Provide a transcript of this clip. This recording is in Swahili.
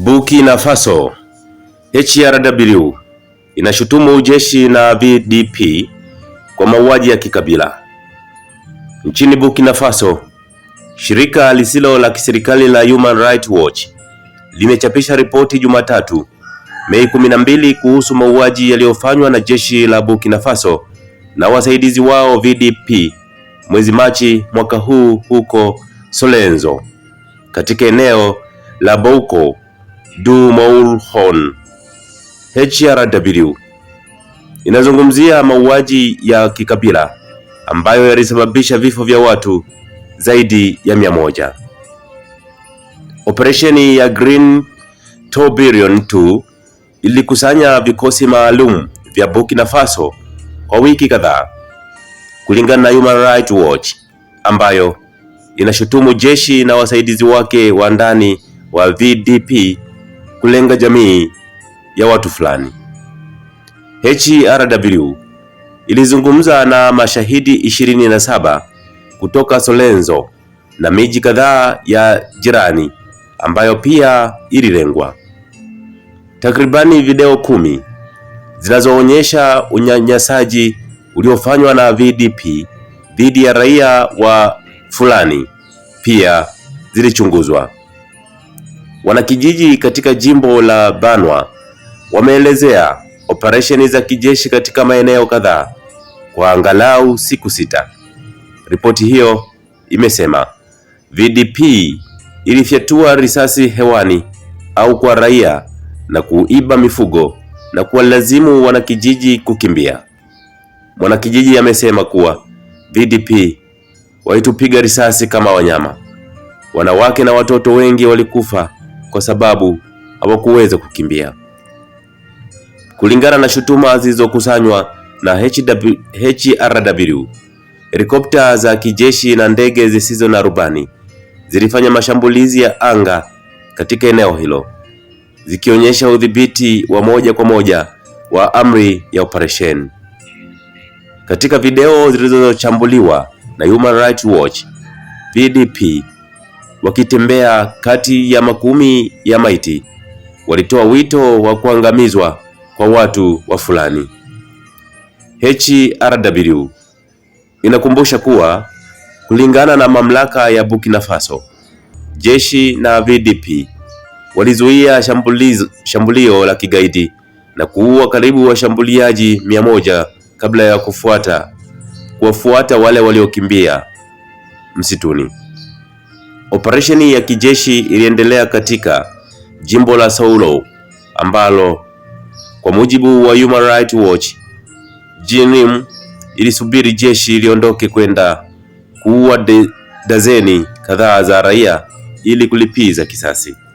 Burkina Faso, HRW inashutumu jeshi na VDP kwa mauaji ya kikabila. Nchini Burkina Faso, shirika lisilo la kiserikali la Human Rights Watch limechapisha ripoti Jumatatu, Mei 12 kuhusu mauaji yaliyofanywa na jeshi la Burkina Faso na wasaidizi wao VDP mwezi Machi mwaka huu huko Solenzo katika eneo la Bouko Du Maulhon HRW inazungumzia mauaji ya kikabila ambayo yalisababisha vifo vya watu zaidi ya mia moja. Operesheni ya Green Tobirion 2 ilikusanya vikosi maalum vya Burkina Faso kwa wiki kadhaa, kulingana na Human Rights Watch ambayo inashutumu jeshi na wasaidizi wake wa ndani wa VDP kulenga jamii ya watu fulani. HRW ilizungumza na mashahidi 27 kutoka Solenzo na miji kadhaa ya jirani ambayo pia ililengwa. Takribani video kumi zinazoonyesha unyanyasaji uliofanywa na VDP dhidi ya raia wa fulani pia zilichunguzwa. Wanakijiji katika jimbo la Banwa wameelezea operesheni za kijeshi katika maeneo kadhaa kwa angalau siku sita. Ripoti hiyo imesema VDP ilifyatua risasi hewani au kwa raia na kuiba mifugo na kuwalazimu wanakijiji kukimbia. Mwanakijiji amesema kuwa VDP walitupiga risasi kama wanyama, wanawake na watoto wengi walikufa kwa sababu hawakuweza kukimbia. Kulingana na shutuma zilizokusanywa na HRW, helikopta za kijeshi na ndege zisizo na rubani zilifanya mashambulizi ya anga katika eneo hilo zikionyesha udhibiti wa moja kwa moja wa amri ya operesheni. Katika video zilizochambuliwa na Human Rights Watch, PDP wakitembea kati ya makumi ya maiti, walitoa wito wa kuangamizwa kwa watu wa fulani. HRW inakumbusha kuwa kulingana na mamlaka ya Burkina Faso, jeshi na VDP walizuia shambulio la kigaidi na kuua karibu washambuliaji mia moja kabla ya kufuata kuwafuata wale waliokimbia msituni. Operesheni ya kijeshi iliendelea katika jimbo la Saulo ambalo kwa mujibu wa Human Rights Watch JNIM ilisubiri jeshi liondoke kwenda kuua dazeni kadhaa za raia ili kulipiza kisasi.